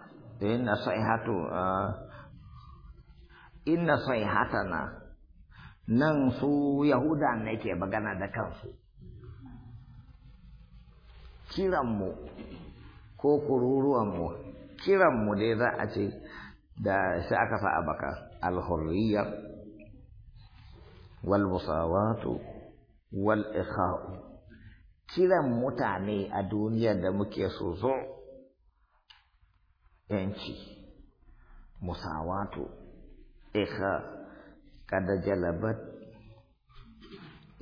Uh, nan su Yahudan ne ke magana da kansu? Kiran kiranmu ko kururuwanmu kiranmu dai za a ce da shi aka sa a baka alhurriya wal musawatu wal ikha'u kiran mutane a duniyar da muke so zo yanci musawatu ikha kada jalabat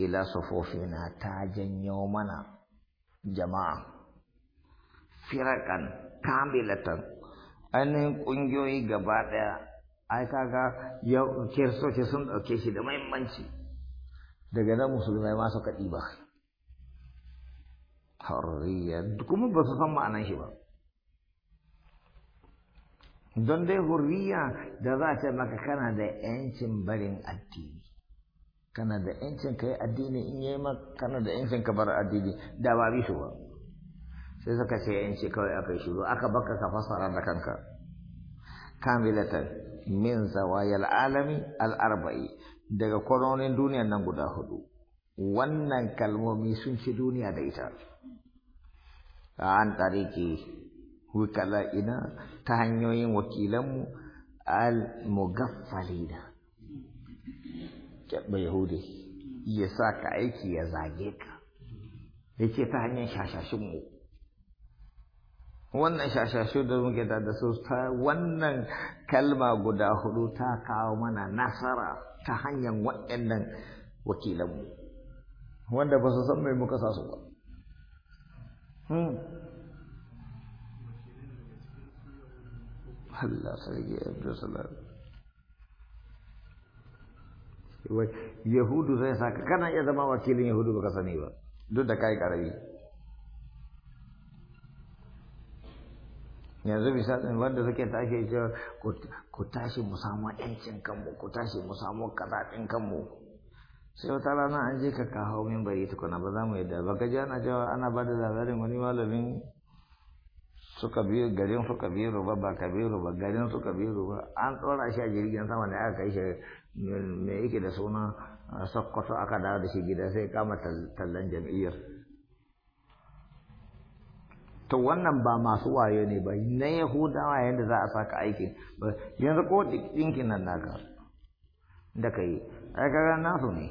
ila sufufina ta janyo mana jama'a firakan kamilatan ainihin ƙungiyoyi gaba ɗaya ai kaga yau kiristoci sun ɗauke shi da mahimmanci daga nan musulmai ma suka ɗiba harriya kuma ba su san ma'anan shi ba don dai hurriya da za ta maka kana da yancin barin addini kana da yancin ka yi addini in yi maka kana da yancin ka bar addini da ba bi ba sai suka ce yanci kawai aka yi shiru aka baka ka fasara da kanka kamilatan min zawayal alami al'arba'i daga kwanonin duniya nan guda hudu wannan kalmomi sun ci duniya da ita an tariki wikala ina ta hanyoyin wakilanmu al-mugaffalina kebbe yahudi ya sa ka aiki ya zage ka ya ce ta hanyar shashashinmu wannan shashashu da muke da da su ta wannan kalma guda hudu ta kawo mana nasara ta hanyar waɗannan wakilanmu wanda ba su san mai muka sa su ba hmm. Allah sarki Abdulsalam Yahudu zai saka kana iya zama wakilin Yahudu baka sani ba duk da kai karabi yanzu bisa wanda suke tashi cewa ku tashi mu samu yancin kanmu ku tashi mu samu kaza din kanmu sai wata rana an je ka kawo min tukuna ba za mu yadda ba ka ji ana cewa ana ba da labarin wani malamin su kabiru garin su kabiru ba ba kabiru ba garin su kabiru ba an tsora shi a jirgin sama ne aka kai shi me yake da suna sakkwato aka dawo da shi gida sai kama tallan jam'iyyar to wannan ba masu wayo ne ba na yahudawa yadda za a saka aiki yanzu ko ɗinkin nan naka da ka yi aikaka nasu ne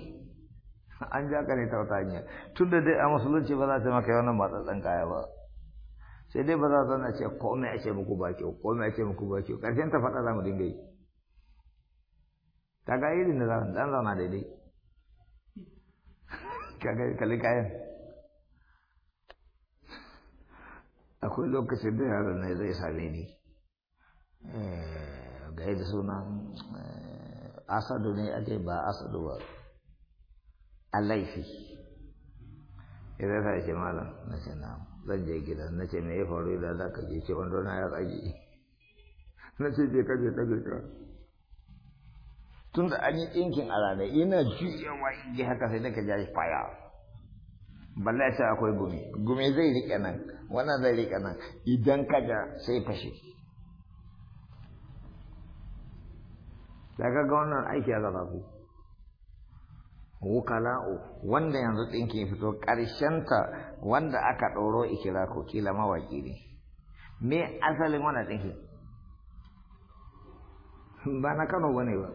an ja ka ne ta wata hanyar tun da dai a musulunci ba za ta maka yawan matsatsan kaya ba sai dai ba za ta na ce komai a ce muku ba kyau komai a ce muku ba kyau ƙarshen ta faɗa za mu dinga yi ga irin da zan dan zauna daidai kaga kalli kayan akwai lokacin da yaro ne zai same ni eh, ga yadda sunan eh, asadu ne ake ba asadu ba a laifi idan ta ce malam na ce na'am zan je gidan na ce me ya faru da za ka je ce wando na ya tsage na ce je ka je ka tun da an yi ɗinkin a ranar ina juyawa in ji haka sai nake jari faya balla ya ce akwai gumi gumi zai riƙe nan wannan zai riƙe nan idan ka ja sai fashe daga ga wannan aiki a gaba wukala'u wanda yanzu ɗinkin fito ta wanda aka ɗoro ikira ko kila mawaƙi ne me asalin wannan ɗinkin ba na kano ba ne ba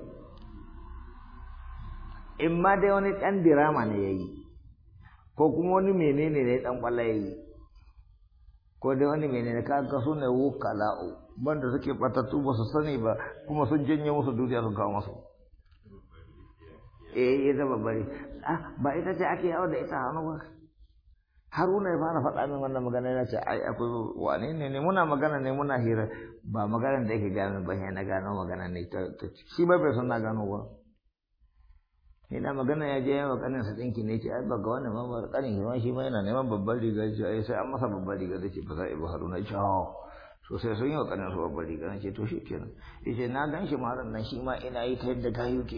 in ma dai wani ɗan dirama ne ya yi ko kuma wani menene ne ɗan ƙwallo ya yi ko dai wani menene ga su ne wukala'u banda suke ɓatattu ba su sani ba kuma sun janye musu duniya sun kawo masu eh ya zama bari ah ba ita ce ake yawo da ita hannu ba haruna ya fara faɗa min wannan magana yana ce ai akwai wane ne ne muna magana ne muna hira ba magana da yake gano ba na gano magana ne ta shi ba bai san na gano ba ina magana ya je yawa kanin sa dinki ne ce ai ba ga wannan ma ba kanin shi ma yana neman babbar riga shi ai sai an masa babbar riga da ce ba za a yi ba haruna ce to sai sun yi wa kanin su bari ganin ce to shi kenan ita na gan shi maran nan shi ma ina yi ta yadda yi ke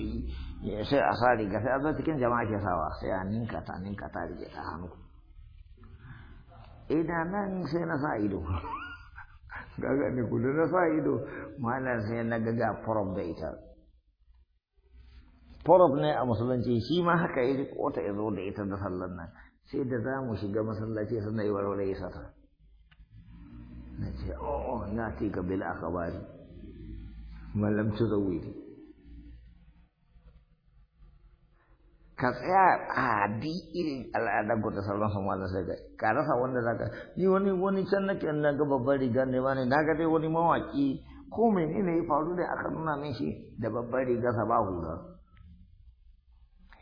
yi sai a sa riga sai a zo cikin jama'a ke sawa sai a ninka ta ninka ta rike ta hannu ina nan sai na sa ido daga ne kudu na sa ido malam sai na gaga forum da ita forum ne a musulunci shi ma haka yi ji kota ya zo da ita da sallan nan sai da za mu shiga masallaci sannan yi warware yi sata na ce oh, oh na ce ka bil akhbari malam tuzawwiri ka tsaya a bi irin al'adar ku da sauran su malam sai ga ka rasa wanda zaka ni wani wani can nake na ga babbar riga ne ba ne na ga dai wani mawaki ko menene ya faru da aka nuna min shi da babbar riga sa ba hula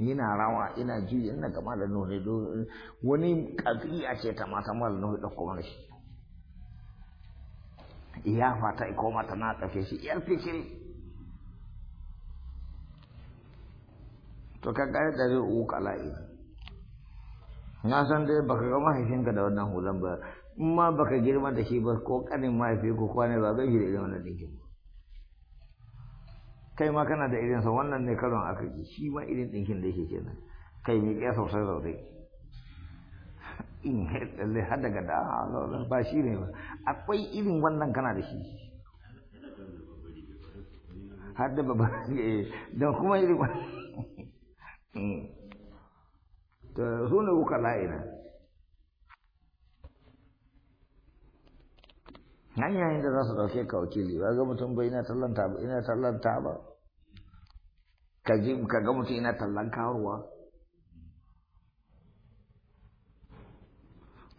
yana rawa ina juyi ina gama da nuna wani a ce ta mata malam nuna da kuma shi iya fata iko mata na ɗauke shi yar fikiri to ka gaya ɗari uku kala'i na san dai baka ga mahaifinka da wannan hulan ba in ma baka girma da shi ba ko kanin mahaifi ko kwane ba zai shirya irin wannan ɗinkin kai ma kana da irinsa wannan ne karon aka ji shi ma irin ɗinkin da yake kenan kai miƙe sosai sosai in har daga da ba shi ne ba akwai irin wannan kana da shi har da babba eh, da kuma irin wannan hmm. to su ne kuka la'ina hanyoyin da za su dauke ka wakili ba ga mutum bai ina tallanta ba ina tallanta ba ka ji ka ga mutum ina tallan karuwa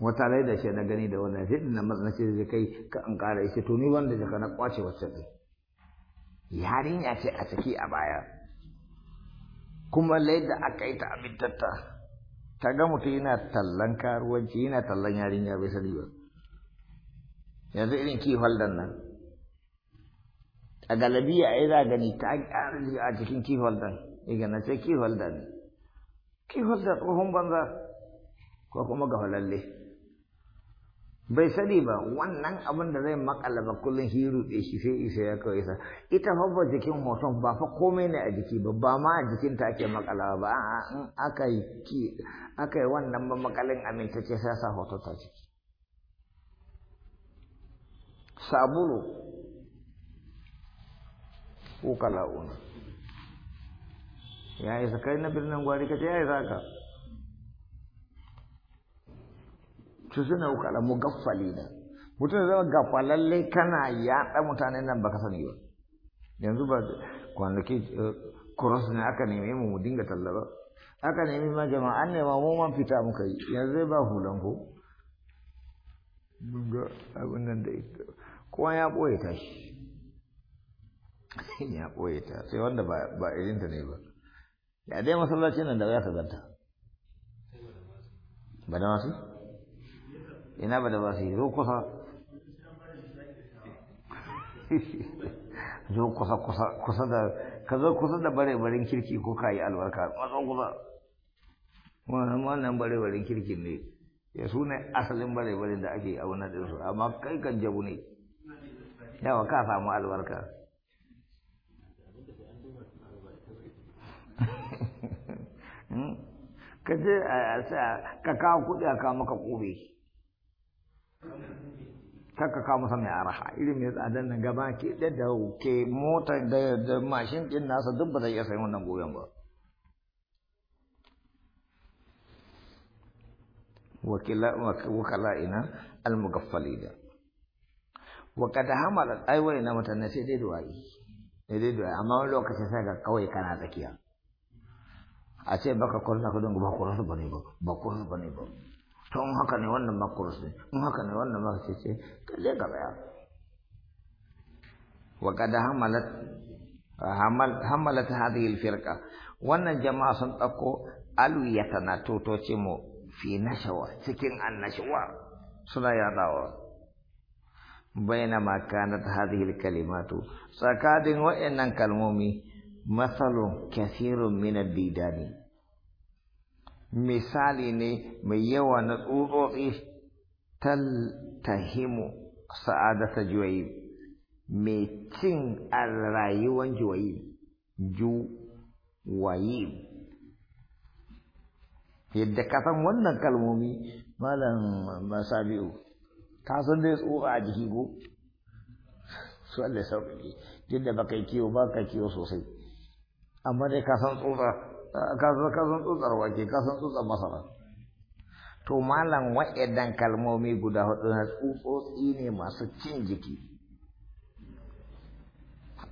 wata rai da shi na gani da wannan sai na matsa ce zai kai ka an kara shi to ni wanda zaka na kwace wacce ne yarinya ce a ciki a baya kuma laida aka yi ta abintatta ta ga mutum yana tallan karuwanci yana tallan yarinya bai sani ba yanzu irin kifal dan nan a galabiya ai za gani ta ƙyara a cikin kifal dan iga na ce kifal dan kifal tsohon banza ko kuma ga halalle. bai sani ba wannan abin da zai ba kullum hiru ɗe shi sai isa ya kawai isa ita fa jikin hoton ba fa komai ne a jiki ba ba ma a jikin ta ake makalaba ba a in aka yi ki aka yi wannan ba makalin amintacce sai sa hoton ta ciki sabulu ko kala'una ya isa kai na birnin gwari ka ce ya isa ka to suna ukala mugaffali ne mutum da zama gafalalle kana yaɗa mutane nan baka sani ba yanzu ba kwanaki eh, cross ne aka neme mu mu dinga talla ba aka nemi ma jama'a an nema mu man fita muka yi yanzu ba hulan ko mun ga abin nan da ita kowa ya boye ta shi ya boye ta sai wanda ba ba irinta ne ba ya dai masallaci nan da ya ta zanta ba da masu ina ba da ba su yi zo kusa zo kusa kusa da ka zo kusa da bare barin kirki ko ka yi albarka kusa kusa wannan wannan bare barin kirki ne ya su ne asalin bare barin da ake a wannan ɗinsu amma kai kan jabu ne yawa ka samu albarka hmm? ka je a ka kawo kuɗi a kawo maka ƙube kakka kawo masa mai araha irin mai tsadan nan gaba ke da da ke mota da da mashin ɗin nasa duk ba zai iya sayan wannan goyon ba wakala ina al da. wa kad hamalat ai wai na mutane sai dai duwayi sai dai duwayi amma wani lokacin sai ga kawai kana tsakiya a ce baka kurna kudin ba kurna ba ba ba to in haka ne wannan ma ne in haka ne wannan ma ce ka je ka tsaya wa kada hamalat hamalat hadhihi alfirqa wannan jama'a sun dauko alwiyata na totoci mu fi nashawa cikin annashawa suna yadawa bainama kanat hadhihi alkalimatu sakadin wa'annan kalmomi masalun kathirun min ad misali ne mai yawa na tsutsotsi sa'ada sa'adata juwayi mai cin a rayuwan juwayi juwayi yadda ka wannan kalmomi malam masabi'u ka san dai tsoro a jiki ko su Allah sauƙaƙe duk da baka kiwo baka kiwo sosai amma dai ka san tsoro kasan tsutsar wake kasan tsutsar masara to malam wa'yadan kalmomi guda hudu na tsutsotsi ne masu cin jiki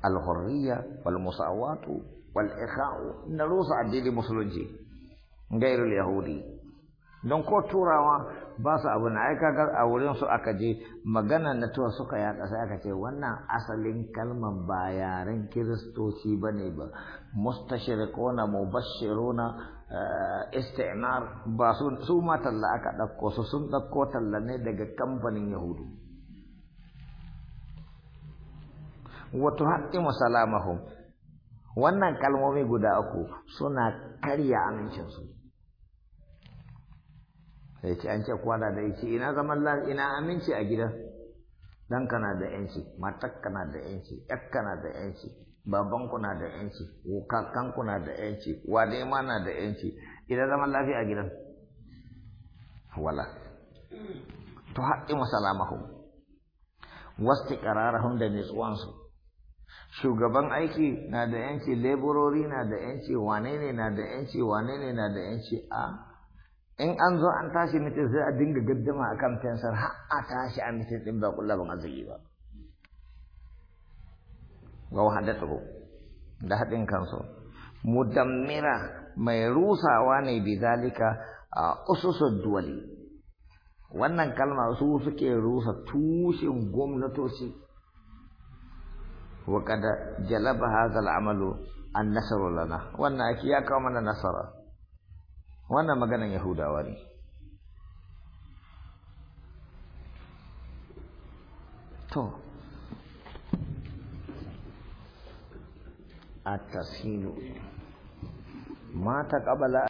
alhurriya wal musawatu wal ikha'u na rusa addini musulunci gairul yahudi don ko turawa ba su abu na a wurin su aka je magana na tuwa suka ya ƙasa aka ce wannan asalin kalmar ba yaren kiristoci ba ne ba mustashirikona mubashiruna eh, istinar ba su ma talla aka dauko su sun dauko talla ne daga kamfanin yahudu wato haƙƙi salamahum wannan kalmomi guda uku suna karya amincinsu sai ce an ce kwana da yake ina zaman la ina aminci a gidan dan kana da yanci matar kana da yanci yak kana da yanci baban kuna da yanci kakan kuna da yanci wade ma na da yanci ina zaman lafiya a gidan wala to haƙƙi ku, wasu ƙararahun da nitsuwansu shugaban aiki na da yanci laborori na da yanci wane ne na da yanci wane ne na da yanci a in an zo an tashi mutum sai a dinga gaddama a kan fensar har a tashi a mutum ɗin ba kula ban arziki ba ga tsoro da haɗin kansu mudammira mai rusawa ne bi zalika a ususud duwali wannan kalma su suke rusa tushen gwamnatoci wa kada jalaba hazal amalu an nasarar lana wannan aki ya kawo mana nasara wannan maganan yahudawa ne to a التسهيل mata kabala